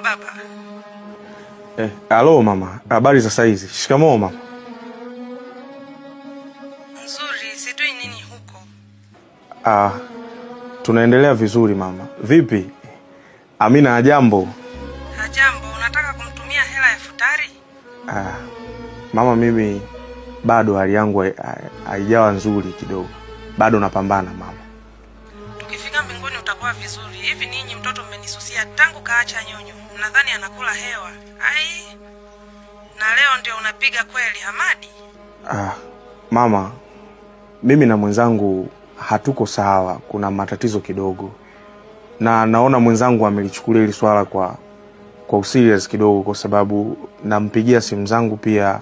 baba. Eh, alo mama, habari za saizi? Shikamoo mama. Nzuri, sijui nini huko. Ah, tunaendelea vizuri mama. Vipi? Amina hajambo? Hajambo, unataka kumtumia hela ya futari? Ah, mama mimi bado hali yangu haijawa nzuri kidogo, bado napambana mama kuwa vizuri. Hivi ninyi mtoto mmenisusia tangu kaacha nyonyo, nadhani anakula hewa? Ai, na leo ndio unapiga kweli Hamadi? Ah, mama, mimi na mwenzangu hatuko sawa, kuna matatizo kidogo, na naona mwenzangu amelichukulia hili swala kwa kwa userious kidogo, kwa sababu nampigia simu zangu pia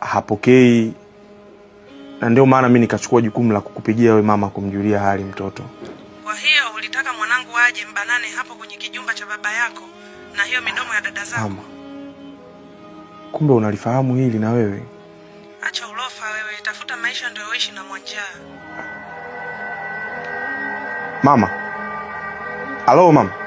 hapokei, na ndio maana mi nikachukua jukumu la kukupigia we mama, kumjulia hali mtoto wangu waje mbanane hapo kwenye kijumba cha baba yako na hiyo midomo ya dada zako. Mama, kumbe unalifahamu hili na wewe? Acha ulofa wewe, tafuta maisha ndio uishi na Mwanjaa. Mama, alo mama.